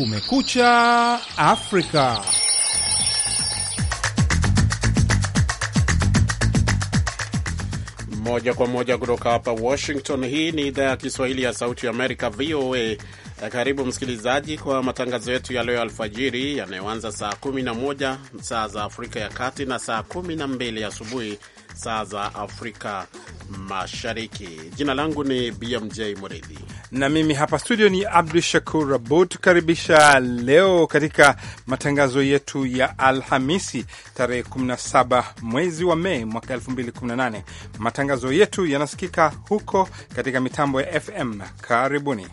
Kumekucha Afrika. Moja kwa moja kutoka hapa Washington. Hii ni idhaa ya Kiswahili ya Sauti ya Amerika, VOA. Karibu msikilizaji kwa matangazo yetu ya leo alfajiri yanayoanza saa 11 saa za Afrika ya Kati na saa 12 asubuhi saa za Afrika Mashariki. Jina langu ni BMJ mridhi na mimi hapa studio ni Abdu Shakur Abud, karibisha leo katika matangazo yetu ya Alhamisi tarehe 17 mwezi wa Mei mwaka 2018. Matangazo yetu yanasikika huko katika mitambo ya FM. Karibuni.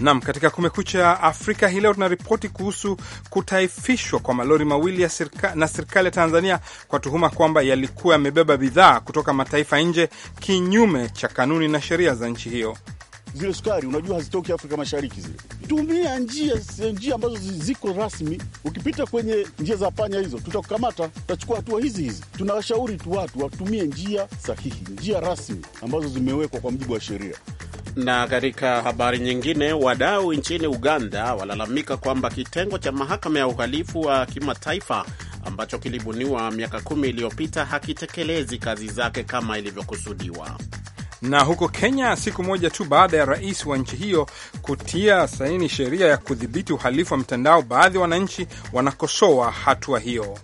Nam, katika Kumekucha Afrika hii leo tunaripoti kuhusu kutaifishwa kwa malori mawili ya sirka, na serikali ya Tanzania kwa tuhuma kwamba yalikuwa yamebeba bidhaa kutoka mataifa nje kinyume cha kanuni na sheria za nchi hiyo. Zile sukari unajua hazitoki Afrika Mashariki, zile tumia njia njia ambazo ziko rasmi. Ukipita kwenye njia za panya hizo, tutakukamata, tutachukua hatua hizi hizi. Tunawashauri tu watu watumie njia sahihi, njia rasmi ambazo zimewekwa kwa mujibu wa sheria. Na katika habari nyingine, wadau nchini Uganda walalamika kwamba kitengo cha mahakama ya uhalifu wa kimataifa ambacho kilibuniwa miaka kumi iliyopita hakitekelezi kazi zake kama ilivyokusudiwa. Na huko Kenya, siku moja tu baada ya rais wa nchi hiyo kutia saini sheria ya kudhibiti uhalifu wa mtandao, baadhi ya wananchi wanakosoa hatua hiyo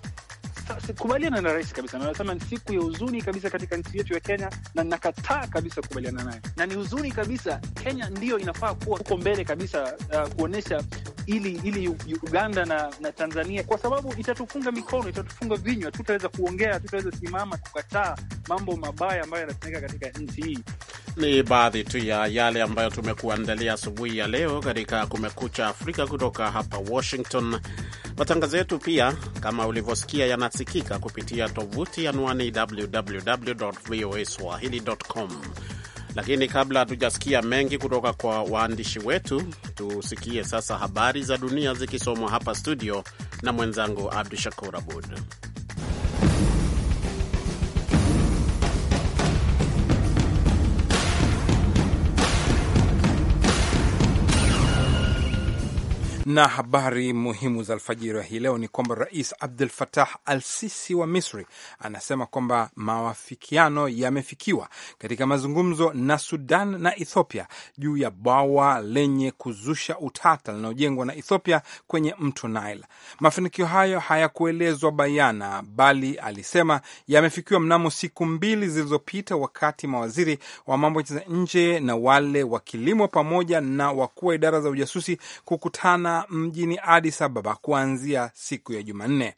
sikubaliana na rais kabisa, na ni siku ya huzuni kabisa katika nchi yetu ya Kenya, na nakataa kabisa kukubaliana naye, na ni huzuni kabisa. Kenya ndiyo inafaa kuwa huko mbele kabisa, uh, kuonyesha ili ili Uganda na, na Tanzania, kwa sababu itatufunga mikono, itatufunga vinywa, tutaweza kuongea, tutaweza simama kukataa mambo mabaya ambayo yanatendeka katika nchi hii. Ni baadhi tu ya yale ambayo tumekuandalia asubuhi ya leo katika Kumekucha Afrika kutoka hapa Washington. Matangazo yetu pia, kama ulivyosikia, yanasikika kupitia tovuti anwani www voa swahili.com. Lakini kabla hatujasikia mengi kutoka kwa waandishi wetu, tusikie sasa habari za dunia zikisomwa hapa studio na mwenzangu Abdu Shakur Abud. Na habari muhimu za alfajiri ya hii leo ni kwamba Rais Abdul fatah al Sisi wa Misri anasema kwamba mawafikiano yamefikiwa katika mazungumzo na Sudan na Ethiopia juu ya bwawa lenye kuzusha utata linalojengwa na Ethiopia kwenye mto Nile. Mafanikio hayo hayakuelezwa bayana, bali alisema yamefikiwa mnamo siku mbili zilizopita, wakati mawaziri wa mambo ya nje na wale wa kilimo pamoja na wakuu wa idara za ujasusi kukutana kukutana mjini Addis Ababa kuanzia siku ya Jumanne.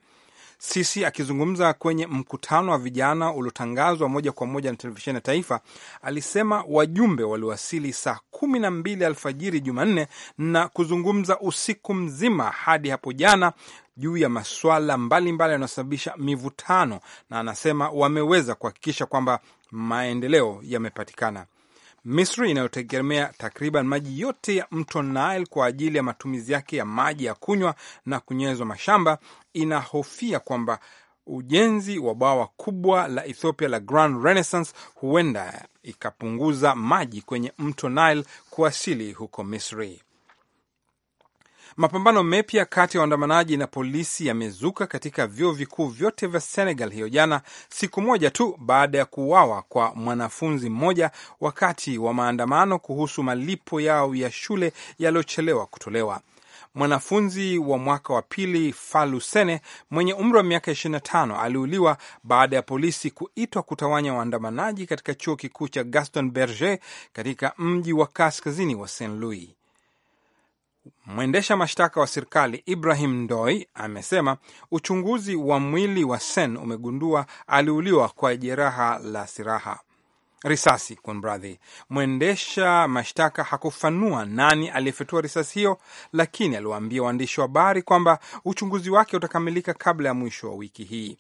Sisi akizungumza kwenye mkutano wa vijana uliotangazwa moja kwa moja na televisheni ya taifa alisema wajumbe waliwasili saa kumi na mbili alfajiri Jumanne na kuzungumza usiku mzima hadi hapo jana juu ya masuala mbalimbali yanayosababisha mivutano, na anasema wameweza kuhakikisha kwamba maendeleo yamepatikana. Misri inayotegemea takriban maji yote ya mto Nile kwa ajili ya matumizi yake ya maji ya kunywa na kunyezwa mashamba inahofia kwamba ujenzi wa bwawa kubwa la Ethiopia la Grand Renaissance huenda ikapunguza maji kwenye mto Nile kuwasili huko Misri. Mapambano mepya kati ya waandamanaji na polisi yamezuka katika vyuo vikuu vyote vya Senegal hiyo jana, siku moja tu baada ya kuuawa kwa mwanafunzi mmoja wakati wa maandamano kuhusu malipo yao ya shule yaliyochelewa kutolewa. Mwanafunzi wa mwaka wa pili Falusene mwenye umri wa miaka 25 aliuliwa baada ya polisi kuitwa kutawanya waandamanaji katika chuo kikuu cha Gaston Berger katika mji wa kaskazini wa st Louis. Mwendesha mashtaka wa serikali Ibrahim Ndoi amesema uchunguzi wa mwili wa Sen umegundua aliuliwa kwa jeraha la siraha risasi kunradhi. Mwendesha mashtaka hakufanua nani aliyefyatua risasi hiyo, lakini aliwaambia waandishi wa habari kwamba uchunguzi wake utakamilika kabla ya mwisho wa wiki hii.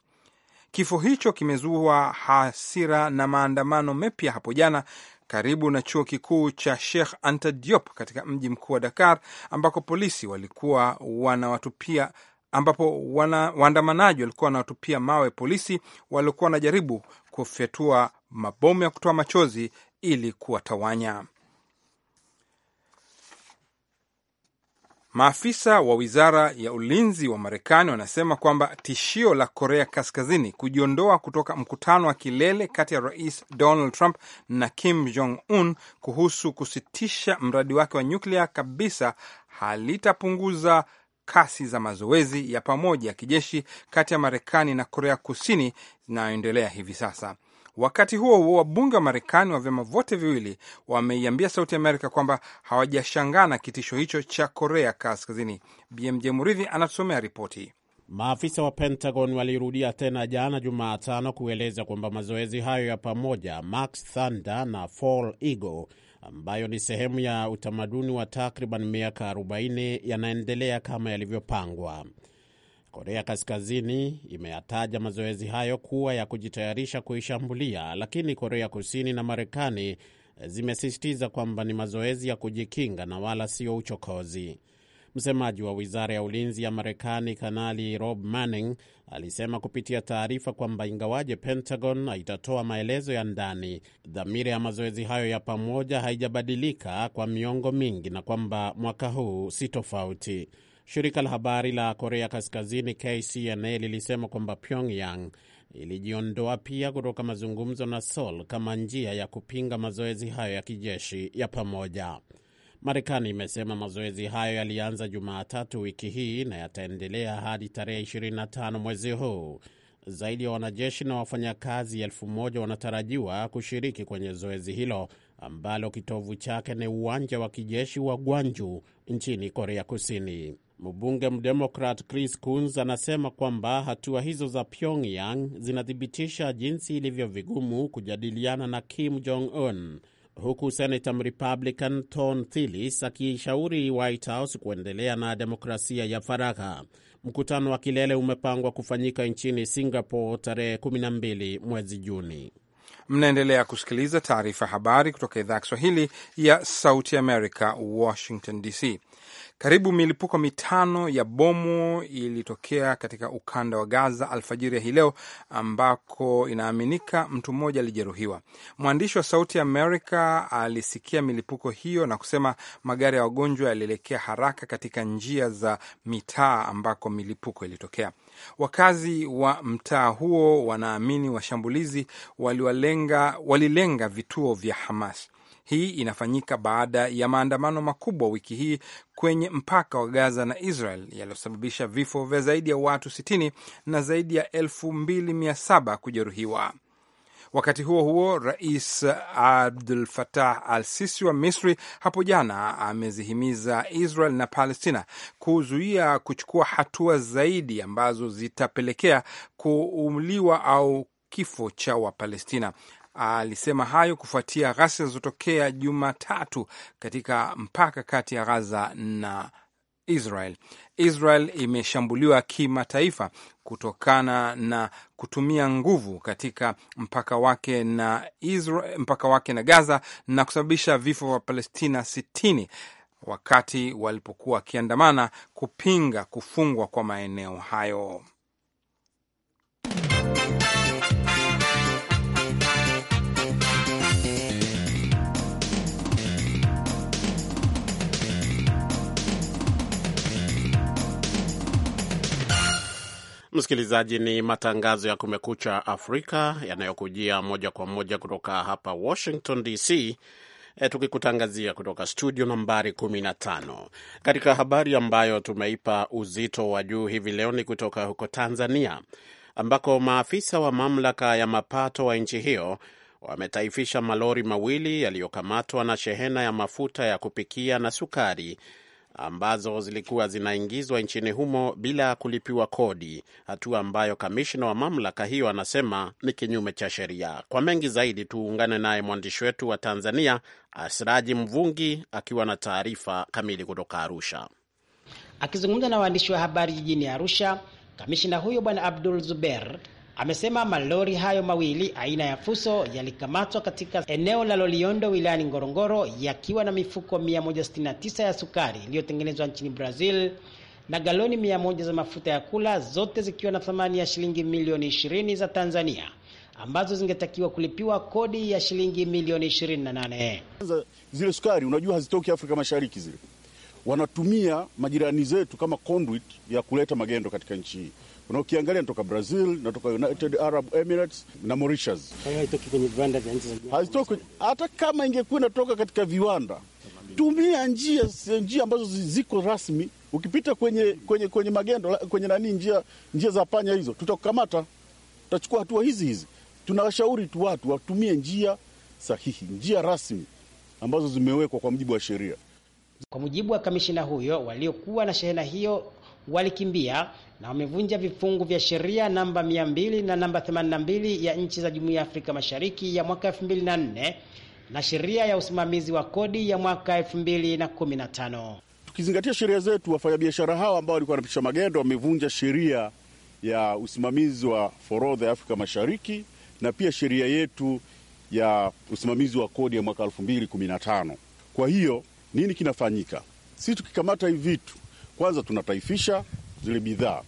Kifo hicho kimezua hasira na maandamano mepya hapo jana karibu na chuo kikuu cha Sheikh Anta Diop katika mji mkuu wa Dakar, ambako polisi walikuwa wanawatupia ambapo wana, waandamanaji walikuwa wanawatupia mawe polisi waliokuwa wanajaribu kufyatua mabomu ya kutoa machozi ili kuwatawanya. Maafisa wa wizara ya ulinzi wa Marekani wanasema kwamba tishio la Korea Kaskazini kujiondoa kutoka mkutano wa kilele kati ya Rais Donald Trump na Kim Jong Un kuhusu kusitisha mradi wake wa nyuklia kabisa halitapunguza kasi za mazoezi ya pamoja ya kijeshi kati ya Marekani na Korea Kusini zinayoendelea hivi sasa. Wakati huo huo, wabunge wa Marekani wa vyama vyote viwili wameiambia Sauti Amerika kwamba hawajashangaa na kitisho hicho cha Korea Kaskazini. BMJ Muridhi anatusomea ripoti. Maafisa wa Pentagon walirudia tena jana Jumatano kueleza kwamba mazoezi hayo ya pamoja Max Thunder na Fall Eagle ambayo ni sehemu ya utamaduni wa takriban miaka 40 yanaendelea kama yalivyopangwa. Korea Kaskazini imeyataja mazoezi hayo kuwa ya kujitayarisha kuishambulia, lakini Korea Kusini na Marekani eh, zimesisitiza kwamba ni mazoezi ya kujikinga na wala sio uchokozi. Msemaji wa wizara ya ulinzi ya Marekani, Kanali Rob Manning, alisema kupitia taarifa kwamba ingawaje Pentagon haitatoa maelezo ya ndani, dhamira ya mazoezi hayo ya pamoja haijabadilika kwa miongo mingi na kwamba mwaka huu si tofauti. Shirika la habari la Korea Kaskazini KCNA lilisema kwamba Pyongyang ilijiondoa pia kutoka mazungumzo na Seoul kama njia ya kupinga mazoezi hayo ya kijeshi ya pamoja. Marekani imesema mazoezi hayo yalianza Jumatatu wiki hii na yataendelea hadi tarehe 25 mwezi huu. Zaidi ya wanajeshi na wafanyakazi elfu moja wanatarajiwa kushiriki kwenye zoezi hilo ambalo kitovu chake ni uwanja wa kijeshi wa Gwanju nchini Korea Kusini. Mbunge mdemokrat Chris Coons anasema kwamba hatua hizo za Pyongyang zinathibitisha jinsi ilivyo vigumu kujadiliana na Kim Jong Un, huku senata mrepublican ton thilis akishauri White House kuendelea na demokrasia ya faragha. Mkutano wa kilele umepangwa kufanyika nchini Singapore tarehe 12 mwezi Juni. Mnaendelea kusikiliza taarifa habari kutoka idhaa ya Kiswahili ya Sauti America, Washington DC. Karibu milipuko mitano ya bomu ilitokea katika ukanda wa Gaza alfajiri ya hii leo, ambako inaaminika mtu mmoja alijeruhiwa. Mwandishi wa Sauti Amerika alisikia milipuko hiyo na kusema magari ya wagonjwa yalielekea haraka katika njia za mitaa ambako milipuko ilitokea. Wakazi wa mtaa huo wanaamini washambulizi walilenga vituo vya Hamas. Hii inafanyika baada ya maandamano makubwa wiki hii kwenye mpaka wa Gaza na Israel yaliyosababisha vifo vya zaidi ya watu 60 na zaidi ya 2700 kujeruhiwa. Wakati huo huo, Rais Abdul Fatah Al Sisi wa Misri hapo jana amezihimiza Israel na Palestina kuzuia kuchukua hatua zaidi ambazo zitapelekea kuuliwa au kifo cha Wapalestina alisema hayo kufuatia ghasia zilizotokea Jumatatu katika mpaka kati ya Gaza na Israel. Israel imeshambuliwa kimataifa kutokana na kutumia nguvu katika mpaka wake na Israel, mpaka wake na Gaza na kusababisha vifo vya Palestina 60 wakati walipokuwa wakiandamana kupinga kufungwa kwa maeneo hayo. Msikilizaji, ni matangazo ya Kumekucha Afrika yanayokujia moja kwa moja kutoka hapa Washington DC. E, eh, tukikutangazia kutoka studio nambari 15. Katika habari ambayo tumeipa uzito wa juu hivi leo ni kutoka huko Tanzania ambako maafisa wa mamlaka ya mapato wa nchi hiyo wametaifisha malori mawili yaliyokamatwa na shehena ya mafuta ya kupikia na sukari ambazo zilikuwa zinaingizwa nchini humo bila kulipiwa kodi, hatua ambayo kamishna wa mamlaka hiyo anasema ni kinyume cha sheria. Kwa mengi zaidi, tuungane naye mwandishi wetu wa Tanzania Asiraji Mvungi akiwa na taarifa kamili kutoka Arusha. Akizungumza na waandishi wa habari jijini Arusha, kamishina huyo Bwana Abdul Zuber Amesema malori hayo mawili aina ya Fuso yalikamatwa katika eneo la Loliondo wilayani Ngorongoro yakiwa na mifuko 169 ya sukari iliyotengenezwa nchini Brazil na galoni 100 za mafuta ya kula, zote zikiwa na thamani ya shilingi milioni 20 za Tanzania ambazo zingetakiwa kulipiwa kodi ya shilingi milioni 28. Zile sukari unajua hazitoki Afrika Mashariki, zile wanatumia majirani zetu kama conduit ya kuleta magendo katika nchi hii na ukiangalia natoka Brazil, natoka United Arab Emirates na Mauritius. hazitoki, hata kama ingekuwa inatoka katika viwanda tumia njia njia ambazo ziko rasmi. Ukipita kwenye, kwenye, kwenye magendo kwenye nani njia, njia za panya hizo, tutakukamata, tutachukua hatua hizi hizi. Tunawashauri tu watu watumie njia sahihi, njia rasmi ambazo zimewekwa kwa mujibu wa sheria. Kwa mujibu wa kamishina huyo, waliokuwa na shehena hiyo walikimbia na wamevunja vifungu vya sheria namba 200 na namba 82 ya nchi za Jumuiya ya Afrika Mashariki ya mwaka 2004 na sheria ya usimamizi wa kodi ya mwaka 2015. Tukizingatia sheria zetu, wafanyabiashara hao ambao walikuwa wanapisha magendo wamevunja sheria ya usimamizi wa forodha ya Afrika Mashariki na pia sheria yetu ya usimamizi wa kodi ya mwaka 2015. Kwa hiyo nini kinafanyika? Sisi tukikamata hivi vitu, kwanza tunataifisha zile bidhaa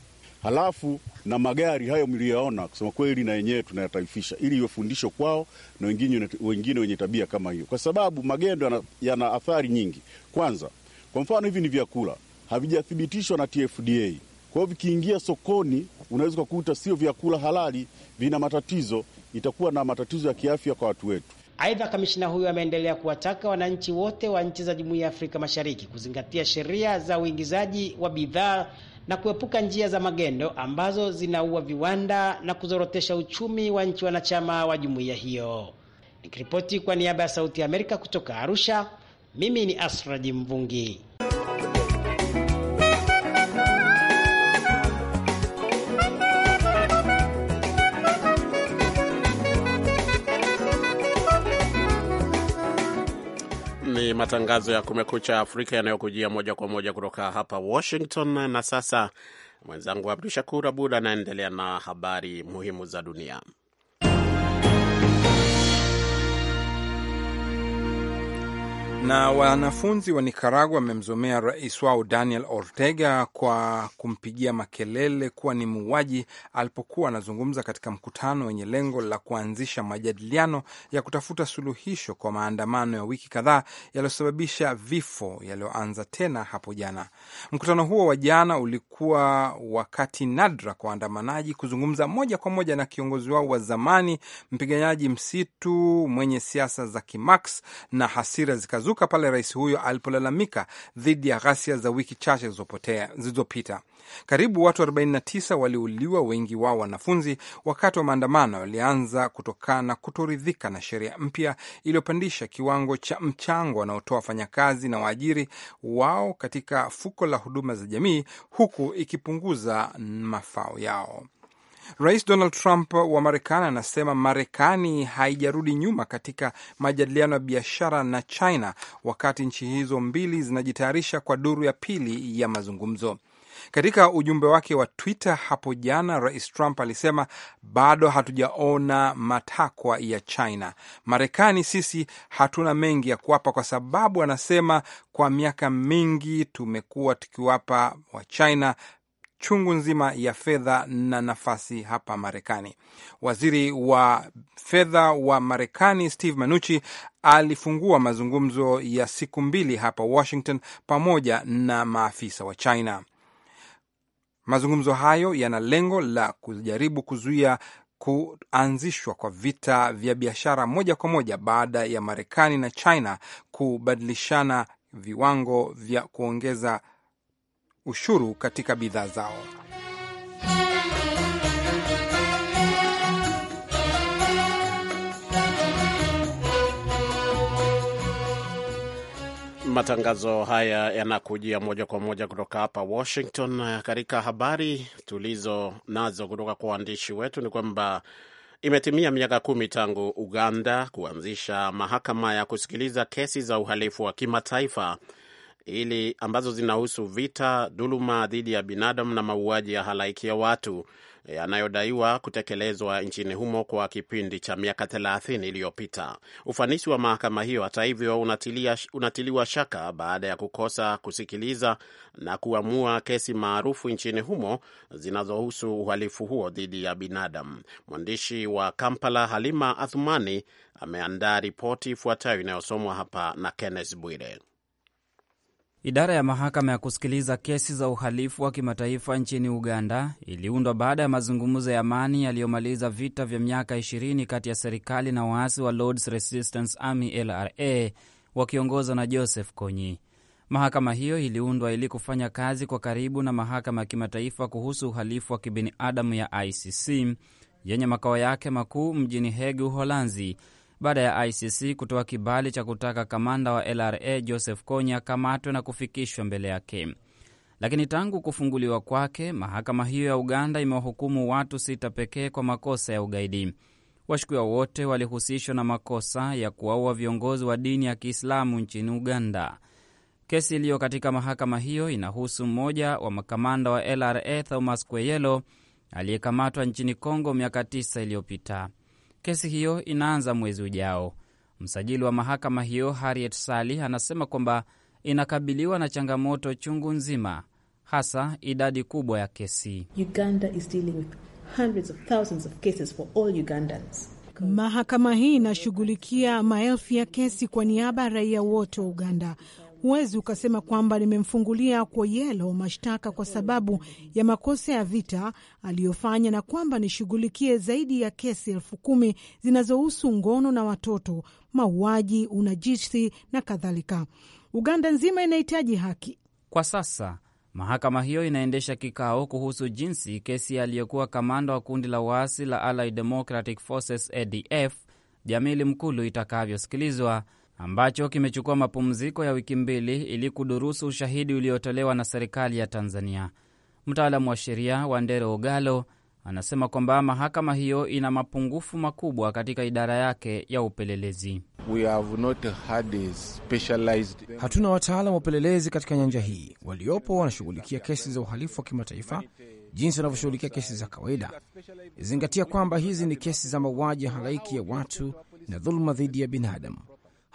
halafu na magari hayo mliyoyaona, kusema kweli, na yenyewe tunayataifisha ili iwe fundisho kwao na wengine, wengine wenye tabia kama hiyo, kwa sababu magendo yana athari nyingi. Kwanza, kwa mfano, hivi ni vyakula havijathibitishwa na TFDA, kwa hiyo vikiingia sokoni unaweza kakuta sio vyakula halali, vina matatizo, itakuwa na matatizo ya kiafya kwa watu wetu. Aidha, kamishina huyo ameendelea kuwataka wananchi wote wa nchi za Jumuiya ya Afrika Mashariki kuzingatia sheria za uingizaji wa bidhaa na kuepuka njia za magendo ambazo zinaua viwanda na kuzorotesha uchumi wa nchi wanachama wa jumuiya hiyo. Nikiripoti kwa niaba ya Sauti ya Amerika kutoka Arusha, mimi ni Asraji Mvungi. ni matangazo ya Kumekucha Afrika yanayokujia moja kwa moja kutoka hapa Washington. Na sasa mwenzangu Abdu Shakur Abud anaendelea na habari muhimu za dunia. Na wanafunzi wa nikaragua wamemzomea rais wao Daniel Ortega kwa kumpigia makelele kuwa ni muuaji alipokuwa anazungumza katika mkutano wenye lengo la kuanzisha majadiliano ya kutafuta suluhisho kwa maandamano ya wiki kadhaa yaliyosababisha vifo yaliyoanza tena hapo jana. Mkutano huo wa jana ulikuwa wakati nadra kwa waandamanaji kuzungumza moja kwa moja na kiongozi wao wa zamani, mpiganaji msitu mwenye siasa za kimax na hasira zikazuka ulizuka pale rais huyo alipolalamika dhidi ya ghasia za wiki chache zilizopita. Karibu watu 49 waliuliwa, wengi wao wanafunzi, wakati wa maandamano yalianza kutokana kutoridhika na sheria mpya iliyopandisha kiwango cha mchango wanaotoa wafanyakazi na waajiri wao katika fuko la huduma za jamii, huku ikipunguza mafao yao. Rais Donald Trump wa Marekani anasema Marekani haijarudi nyuma katika majadiliano ya biashara na China wakati nchi hizo mbili zinajitayarisha kwa duru ya pili ya mazungumzo. Katika ujumbe wake wa Twitter hapo jana, Rais Trump alisema bado hatujaona matakwa ya China. Marekani sisi hatuna mengi ya kuwapa, kwa sababu anasema kwa miaka mingi tumekuwa tukiwapa wa China chungu nzima ya fedha na nafasi hapa Marekani. Waziri wa fedha wa Marekani Steve Mnuchin alifungua mazungumzo ya siku mbili hapa Washington pamoja na maafisa wa China. Mazungumzo hayo yana lengo la kujaribu kuzuia kuanzishwa kwa vita vya biashara moja kwa moja baada ya Marekani na China kubadilishana viwango vya kuongeza ushuru katika bidhaa zao. Matangazo haya yanakujia moja kwa moja kutoka hapa Washington. Katika habari tulizo nazo kutoka kwa waandishi wetu ni kwamba imetimia miaka kumi tangu Uganda kuanzisha mahakama ya kusikiliza kesi za uhalifu wa kimataifa ili ambazo zinahusu vita, dhuluma dhidi ya binadamu na mauaji ya halaiki ya watu yanayodaiwa e, kutekelezwa nchini humo kwa kipindi cha miaka 30 iliyopita. Ufanisi wa mahakama hiyo, hata hivyo, unatilia, unatiliwa shaka baada ya kukosa kusikiliza na kuamua kesi maarufu nchini humo zinazohusu uhalifu huo dhidi ya binadamu. Mwandishi wa Kampala Halima Athumani ameandaa ripoti ifuatayo inayosomwa hapa na Kenneth Bwire. Idara ya mahakama ya kusikiliza kesi za uhalifu wa kimataifa nchini Uganda iliundwa baada ya mazungumzo ya amani yaliyomaliza vita vya miaka 20 kati ya serikali na waasi wa Lords Resistance Army LRA wakiongozwa na Joseph Kony. Mahakama hiyo iliundwa ili kufanya kazi kwa karibu na mahakama ya kimataifa kuhusu uhalifu wa kibinadamu ya ICC yenye makao yake makuu mjini Hague, Uholanzi, baada ya ICC kutoa kibali cha kutaka kamanda wa LRA Joseph Kony akamatwe na kufikishwa mbele yake. Lakini tangu kufunguliwa kwake, mahakama hiyo ya Uganda imewahukumu watu sita pekee kwa makosa ya ugaidi. Washukiwa wote walihusishwa na makosa ya kuwaua viongozi wa dini ya Kiislamu nchini Uganda. Kesi iliyo katika mahakama hiyo inahusu mmoja wa makamanda wa LRA Thomas Kweyelo aliyekamatwa nchini Kongo miaka tisa iliyopita. Kesi hiyo inaanza mwezi ujao. Msajili wa mahakama hiyo Harriet Sali anasema kwamba inakabiliwa na changamoto chungu nzima, hasa idadi kubwa ya kesi. Uganda is Mahakama hii inashughulikia maelfu ya kesi kwa niaba ya raia wote wa Uganda. Huwezi ukasema kwamba nimemfungulia yelo mashtaka kwa sababu ya makosa ya vita aliyofanya na kwamba nishughulikie zaidi ya kesi elfu kumi zinazohusu ngono na watoto, mauaji, unajisi na kadhalika. Uganda nzima inahitaji haki. Kwa sasa mahakama hiyo inaendesha kikao kuhusu jinsi kesi aliyokuwa kamanda wa kundi la waasi la Allied Democratic Forces ADF Jamili Mkulu itakavyosikilizwa ambacho kimechukua mapumziko ya wiki mbili ili kudurusu ushahidi uliotolewa na serikali ya Tanzania. Mtaalamu wa sheria Wandere Ogalo anasema kwamba mahakama hiyo ina mapungufu makubwa katika idara yake ya upelelezi. We have not had specialized... hatuna wataalam wa upelelezi katika nyanja hii. Waliopo wanashughulikia kesi za uhalifu wa kimataifa jinsi wanavyoshughulikia kesi za kawaida. Zingatia kwamba hizi ni kesi za mauaji ya halaiki ya watu na dhuluma dhidi ya binadamu.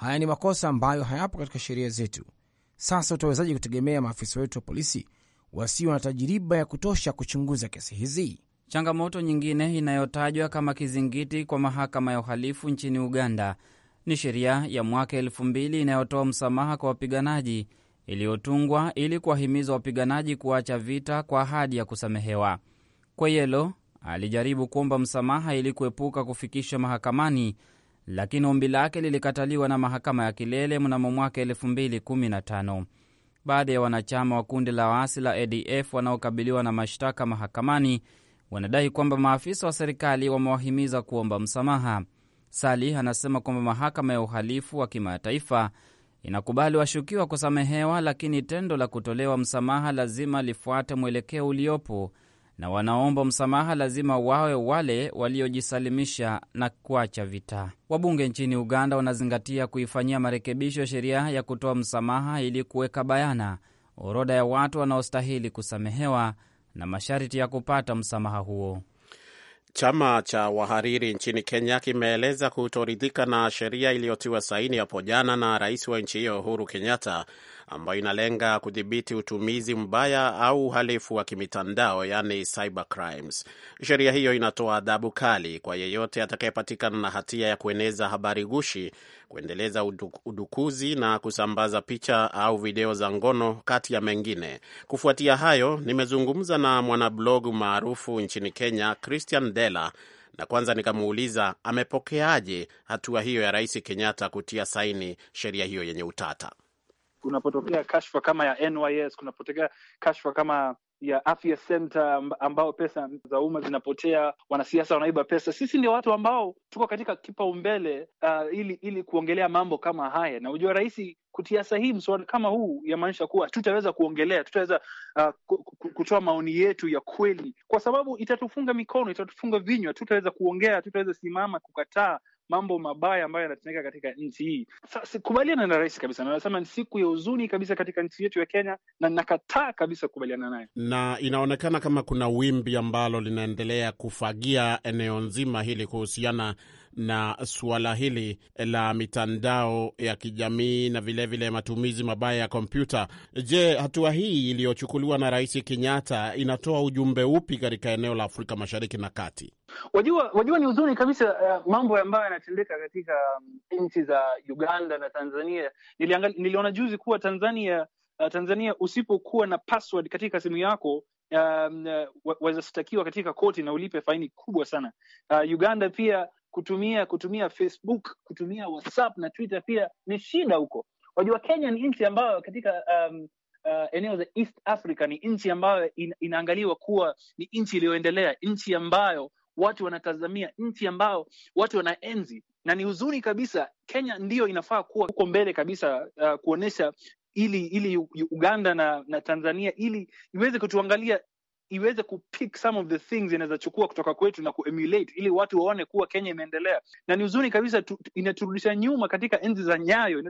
Haya ni makosa ambayo hayapo katika sheria zetu. Sasa utawezaje kutegemea maafisa wetu wa polisi wasio na tajiriba ya kutosha kuchunguza kesi hizi? Changamoto nyingine inayotajwa kama kizingiti kwa mahakama ya uhalifu nchini Uganda ni sheria ya mwaka elfu mbili inayotoa msamaha kwa wapiganaji iliyotungwa ili kuwahimiza wapiganaji kuacha vita kwa ahadi ya kusamehewa. Kweyelo alijaribu kuomba msamaha ili kuepuka kufikishwa mahakamani lakini ombi lake lilikataliwa na mahakama ya kilele mnamo mwaka 2015. Baadhi ya wanachama wa kundi la waasi la ADF wanaokabiliwa na mashtaka mahakamani wanadai kwamba maafisa wa serikali wamewahimiza kuomba msamaha. sali anasema kwamba mahakama ya uhalifu wa kimataifa inakubali washukiwa kusamehewa, lakini tendo la kutolewa msamaha lazima lifuate mwelekeo uliopo na wanaomba msamaha lazima wawe wale waliojisalimisha na kuacha vita. Wabunge nchini Uganda wanazingatia kuifanyia marekebisho sheria ya kutoa msamaha ili kuweka bayana orodha ya watu wanaostahili kusamehewa na masharti ya kupata msamaha huo. Chama cha wahariri nchini Kenya kimeeleza kutoridhika na sheria iliyotiwa saini hapo jana na rais wa nchi hiyo Uhuru Kenyatta ambayo inalenga kudhibiti utumizi mbaya au uhalifu wa kimitandao, yani cyber crimes. Sheria hiyo inatoa adhabu kali kwa yeyote atakayepatikana na hatia ya kueneza habari gushi, kuendeleza udukuzi na kusambaza picha au video za ngono, kati ya mengine. Kufuatia hayo, nimezungumza na mwanablogu maarufu nchini Kenya, Christian Dela, na kwanza nikamuuliza amepokeaje hatua hiyo ya Rais Kenyatta kutia saini sheria hiyo yenye utata kunapotokea kashfa kama ya NYS, kunapotokea kashfa kama ya afya center ambao pesa za umma zinapotea, wanasiasa wanaiba pesa. Sisi ndio watu ambao tuko katika kipaumbele uh, ili ili kuongelea mambo kama haya, na ujua rais kutia sahihi mswada kama huu yamaanisha kuwa tutaweza kuongelea, tutaweza uh, kutoa maoni yetu ya kweli, kwa sababu itatufunga mikono, itatufunga vinywa, tutaweza kuongea, tutaweza simama kukataa mambo mabaya ambayo yanatendeka katika nchi hii. Sikubaliana na rais kabisa, nasema ni siku ya huzuni kabisa katika nchi yetu ya Kenya, na nakataa kabisa kukubaliana naye, na inaonekana kama kuna wimbi ambalo linaendelea kufagia eneo nzima hili kuhusiana na suala hili la mitandao ya kijamii na vilevile vile matumizi mabaya ya kompyuta. Je, hatua hii iliyochukuliwa na Rais Kenyatta inatoa ujumbe upi katika eneo la Afrika Mashariki na Kati? Wajua, wajua ni huzuni kabisa uh, mambo ambayo yanatendeka katika um, nchi za Uganda na Tanzania. Niliangali, niliona juzi kuwa Tanzania uh, Tanzania usipokuwa na password katika simu yako um, uh, eh, wazashtakiwa katika koti na ulipe faini kubwa sana. Uh, Uganda pia kutumia kutumia Facebook, kutumia WhatsApp na Twitter pia ni shida huko. Wajua Kenya ni nchi ambayo katika um, Uh, eneo za East Africa ni nchi ambayo in, inaangaliwa kuwa ni nchi iliyoendelea, nchi ambayo watu wanatazamia, nchi ambao watu wanaenzi, na ni huzuni kabisa. Kenya ndiyo inafaa kuwa huko mbele kabisa, uh, kuonyesha ili ili Uganda na, na Tanzania ili iweze kutuangalia iweze kupick some of the things inawezachukua kutoka kwetu na kuemulate ili watu waone kuwa Kenya imeendelea. Na ni huzuni kabisa, inaturudisha nyuma katika enzi za Nyayo,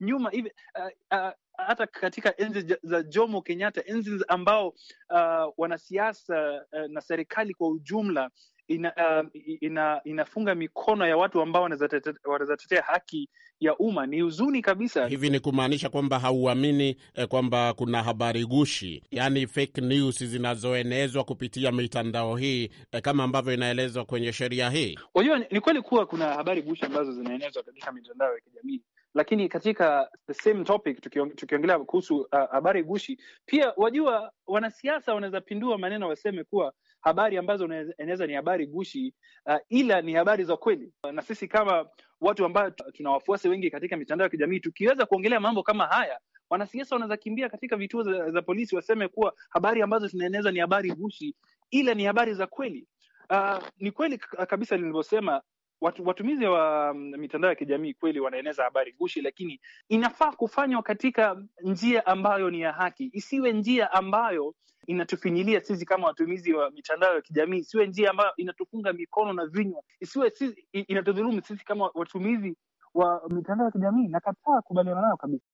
nyuma hivi hata uh, uh, hata katika enzi za Jomo Kenyatta, enzi ambao uh, wanasiasa uh, na serikali kwa ujumla ina, um, ina, inafunga mikono ya watu ambao wanaweza tetea haki ya umma. Ni huzuni kabisa. Hivi ni kumaanisha kwamba hauamini eh, kwamba kuna habari gushi, yani fake news zinazoenezwa kupitia mitandao hii eh, kama ambavyo inaelezwa kwenye sheria hii? Wajua, ni kweli kuwa kuna habari gushi ambazo zinaenezwa katika mitandao ya kijamii lakini katika the same topic tukiongelea kuhusu uh, habari uh, gushi pia, wajua wanasiasa wanaweza pindua maneno waseme kuwa habari ambazo unaeneza ni habari gushi uh, ila ni habari za kweli. Uh, na sisi kama watu ambao tuna wafuasi wengi katika mitandao ya kijamii, tukiweza kuongelea mambo kama haya, wanasiasa wanaweza kimbia katika vituo za, za polisi waseme kuwa habari ambazo tunaeneza ni habari gushi, ila ni habari za kweli. Uh, ni kweli kabisa nilivyosema, watu, watumizi wa mm, mitandao ya kijamii kweli wanaeneza habari gushi, lakini inafaa kufanywa katika njia ambayo ni ya haki, isiwe njia ambayo inatufinyilia sisi kama watumizi wa mitandao ya kijamii, isiwe njia ambayo inatufunga mikono na vinywa, isiwe sisi, inatudhulumu sisi kama watumizi wa mitandao ya kijamii. Nakataa kubaliana nayo kabisa.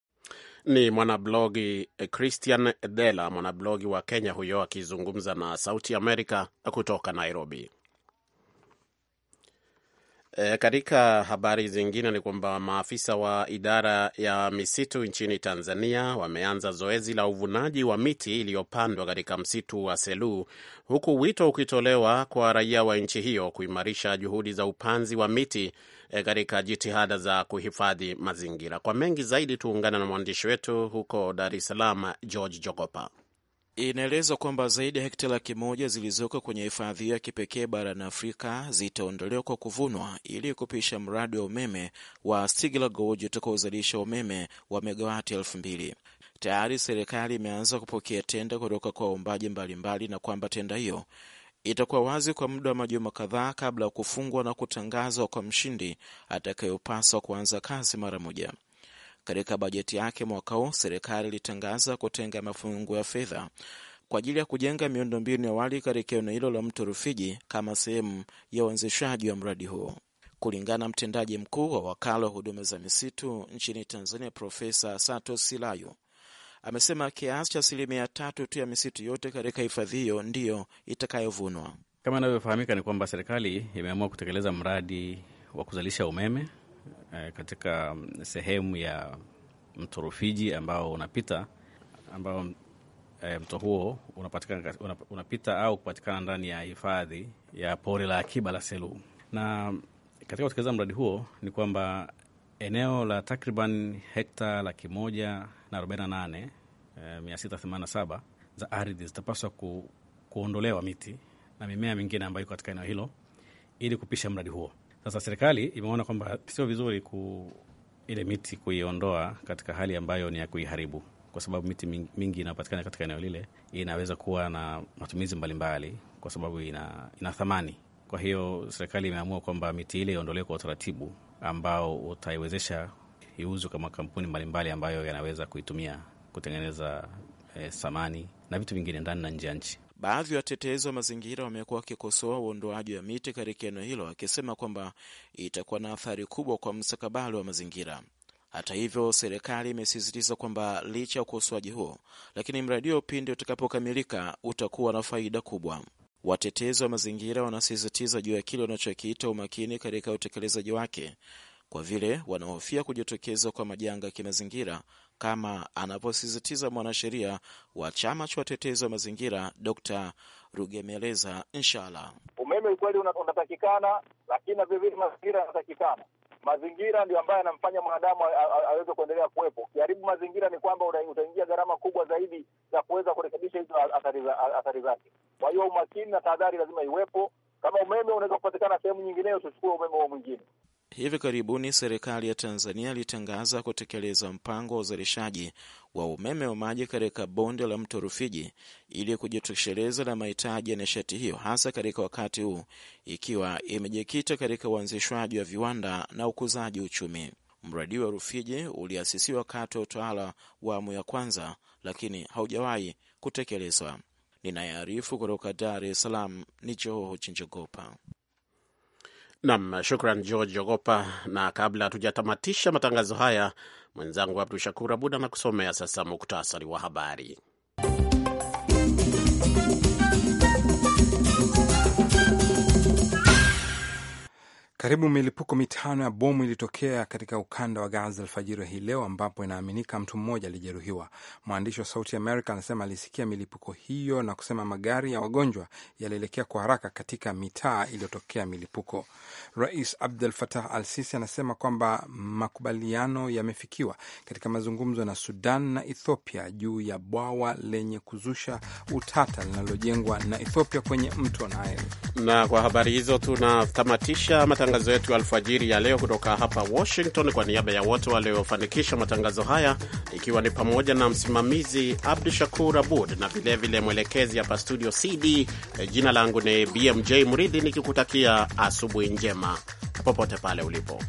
Ni mwanablogi eh, Christian dela mwanablogi wa Kenya huyo, akizungumza na Sauti Amerika kutoka Nairobi. E, katika habari zingine ni kwamba maafisa wa idara ya misitu nchini Tanzania wameanza zoezi la uvunaji wa miti iliyopandwa katika msitu wa Selu, huku wito ukitolewa kwa raia wa nchi hiyo kuimarisha juhudi za upanzi wa miti e, katika jitihada za kuhifadhi mazingira. Kwa mengi zaidi tuungana na mwandishi wetu huko Dar es Salaam George Jogopa. Inaelezwa kwamba zaidi ya hekta laki moja zilizoko kwenye hifadhi ya kipekee barani Afrika zitaondolewa kwa kuvunwa ili kupisha mradi wa umeme wa Stigler Gorge utakaozalisha umeme wa megawati elfu mbili. Tayari serikali imeanza kupokea tenda kutoka kwa waombaji mbalimbali, na kwamba tenda hiyo itakuwa wazi kwa muda wa majuma kadhaa kabla ya kufungwa na kutangazwa kwa mshindi atakayopaswa kuanza kazi mara moja. Katika bajeti yake mwaka huu, serikali ilitangaza kutenga mafungu ya fedha kwa ajili ya kujenga miundombinu ya awali katika eneo hilo la mto Rufiji kama sehemu ya uanzishaji wa mradi huo. Kulingana na mtendaji mkuu wa wakala wa huduma za misitu nchini Tanzania, Profesa sato Silayo amesema kiasi cha asilimia tatu tu ya misitu yote katika hifadhi hiyo ndiyo itakayovunwa. Kama inavyofahamika, ni kwamba serikali imeamua kutekeleza mradi wa kuzalisha umeme Eh, katika mm, sehemu ya mto Rufiji ambao unapita ambao e, mto huo unapatikana, unapita au kupatikana ndani ya hifadhi ya pori la akiba la Selu. Na katika kutekeleza mradi huo ni kwamba eneo la takriban hekta laki moja na arobaini na nane eh, mia sita themanini na saba za ardhi zitapaswa ku, kuondolewa miti na mimea mingine ambayo iko katika eneo hilo ili kupisha mradi huo. Sasa serikali imeona kwamba sio vizuri ku ile miti kuiondoa katika hali ambayo ni ya kuiharibu, kwa sababu miti mingi inayopatikana katika eneo lile inaweza kuwa na matumizi mbalimbali, kwa sababu ina, ina thamani. Kwa hiyo serikali imeamua kwamba miti ile iondolewe kwa utaratibu ambao utaiwezesha iuzwe kwa makampuni mbalimbali ambayo yanaweza kuitumia kutengeneza eh, samani na vitu vingine ndani na nje ya nchi. Baadhi ya watetezi wa mazingira wamekuwa wakikosoa uondoaji wa miti katika eneo hilo, wakisema kwamba itakuwa na athari kubwa kwa mstakabali wa mazingira. Hata hivyo, serikali imesisitiza kwamba licha ya ukosoaji huo, lakini mradi huo pindi utakapokamilika utakuwa na faida kubwa. Watetezi wa mazingira wanasisitiza juu ya kile wanachokiita umakini katika utekelezaji wake, kwa vile wanahofia kujitokeza kwa majanga ya kimazingira kama anavyosisitiza mwanasheria wa chama cha watetezi wa mazingira Dr. Rugemeleza Nshala. Umeme ukweli unatakikana, lakini na vilevile mazingira yanatakikana. Mazingira ndio ambayo yanamfanya mwanadamu aweze kuendelea kuwepo. Ukiharibu mazingira, ni kwamba utaingia gharama kubwa zaidi za kuweza kurekebisha hizo athari zake. Kwa hiyo umakini na tahadhari lazima iwepo. Kama umeme unaweza kupatikana sehemu nyingineyo, tuchukue umeme huo mwingine. Hivi karibuni serikali ya Tanzania ilitangaza kutekeleza mpango wa uzalishaji wa umeme wa maji katika bonde la mto Rufiji ili kujitosheleza na mahitaji ya nishati hiyo, hasa katika wakati huu ikiwa imejikita katika uanzishwaji wa viwanda na ukuzaji uchumi. Mradi wa Rufiji uliasisiwa kati wa utawala wa awamu ya kwanza, lakini haujawahi kutekelezwa. Ninayearifu kutoka Dar es Salaam ni Joho Chinjogopa. Nam, shukran George Ogopa. Na kabla hatujatamatisha matangazo haya, mwenzangu Abdu Shakur Abud anakusomea sasa muktasari wa habari. Karibu milipuko mitano ya bomu ilitokea katika ukanda wa Gaza alfajiri hii leo, ambapo inaaminika mtu mmoja alijeruhiwa. Mwandishi wa Sauti Amerika anasema alisikia milipuko hiyo na kusema magari ya wagonjwa yalielekea kwa haraka katika mitaa iliyotokea milipuko. Rais Abdel Fattah al Sisi anasema kwamba makubaliano yamefikiwa katika mazungumzo na Sudan na Ethiopia juu ya bwawa lenye kuzusha utata linalojengwa na Ethiopia kwenye mto Naili. Na kwa habari hizo tunatamatisha matang matangazo yetu ya alfajiri ya leo kutoka hapa Washington. Kwa niaba ya wote waliofanikisha matangazo haya, ikiwa ni pamoja na msimamizi Abdu Shakur Abud na vilevile mwelekezi hapa studio CD, jina langu ni BMJ Mridhi nikikutakia asubuhi njema popote pale ulipo.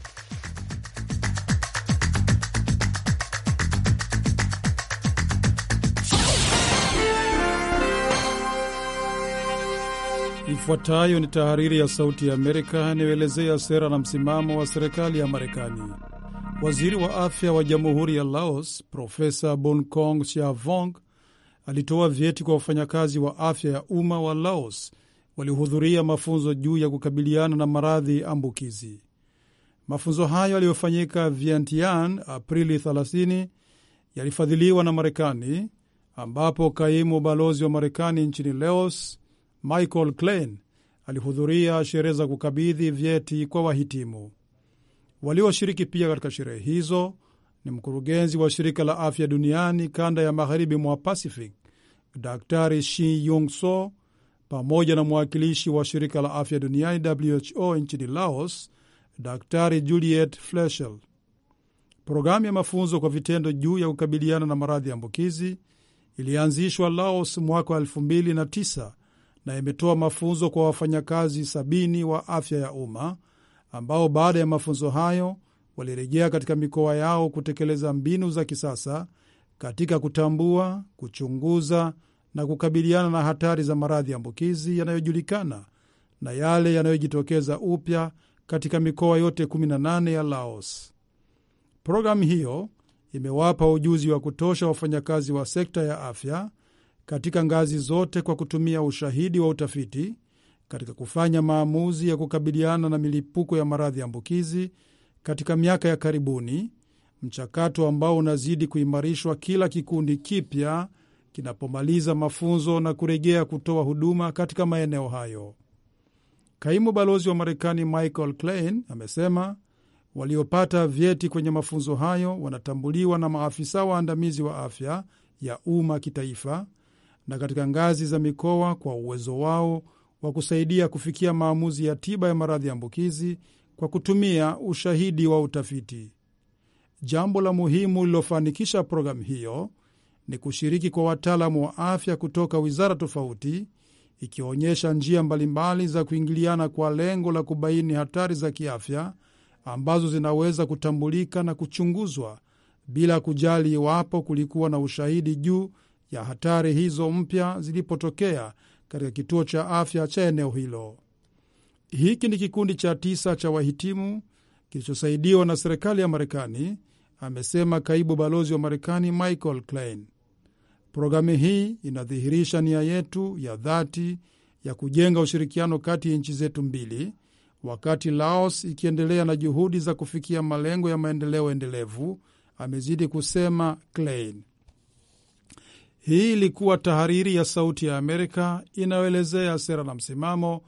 Ifuatayo ni tahariri ya Sauti ya Amerika inayoelezea sera na msimamo wa serikali ya Marekani. Waziri wa afya wa Jamhuri ya Laos Profesa Bonkong Siavong alitoa vyeti kwa wafanyakazi wa afya ya umma wa Laos waliohudhuria mafunzo juu ya kukabiliana na maradhi ambukizi. Mafunzo hayo yaliyofanyika Vientiane Aprili 30 yalifadhiliwa na Marekani, ambapo kaimu balozi wa Marekani nchini Laos Michael Klein alihudhuria sherehe za kukabidhi vyeti kwa wahitimu. Walioshiriki pia katika sherehe hizo ni mkurugenzi wa shirika la afya duniani kanda ya magharibi mwa Pacific, Daktari Shi Yung So, pamoja na mwakilishi wa shirika la afya duniani WHO nchini Laos, Daktari Juliet Fleshel. Programu ya mafunzo kwa vitendo juu ya kukabiliana na maradhi ya ambukizi ilianzishwa Laos mwaka wa 2009 na imetoa mafunzo kwa wafanyakazi sabini wa afya ya umma ambao baada ya mafunzo hayo walirejea katika mikoa yao kutekeleza mbinu za kisasa katika kutambua, kuchunguza na kukabiliana na hatari za maradhi ambukizi yanayojulikana na yale yanayojitokeza upya katika mikoa yote 18 ya Laos. Programu hiyo imewapa ujuzi wa kutosha wafanyakazi wa sekta ya afya katika ngazi zote kwa kutumia ushahidi wa utafiti katika kufanya maamuzi ya kukabiliana na milipuko ya maradhi ambukizi katika miaka ya karibuni, mchakato ambao unazidi kuimarishwa kila kikundi kipya kinapomaliza mafunzo na kuregea kutoa huduma katika maeneo hayo. Kaimu balozi wa Marekani Michael Klein amesema waliopata vyeti kwenye mafunzo hayo wanatambuliwa na maafisa waandamizi wa afya ya umma kitaifa na katika ngazi za mikoa kwa uwezo wao wa kusaidia kufikia maamuzi ya tiba ya maradhi ambukizi kwa kutumia ushahidi wa utafiti. Jambo la muhimu lilofanikisha programu hiyo ni kushiriki kwa wataalamu wa afya kutoka wizara tofauti, ikionyesha njia mbalimbali za kuingiliana kwa lengo la kubaini hatari za kiafya ambazo zinaweza kutambulika na kuchunguzwa bila kujali iwapo kulikuwa na ushahidi juu ya hatari hizo mpya zilipotokea katika kituo cha afya cha eneo hilo. Hiki ni kikundi cha tisa cha wahitimu kilichosaidiwa na serikali ya Marekani, amesema kaibu balozi wa Marekani Michael Klein. Programu hii inadhihirisha nia yetu ya dhati ya kujenga ushirikiano kati ya nchi zetu mbili, wakati Laos ikiendelea na juhudi za kufikia malengo ya maendeleo endelevu, amezidi kusema Klein. Hii ilikuwa tahariri ya Sauti ya Amerika inayoelezea sera na msimamo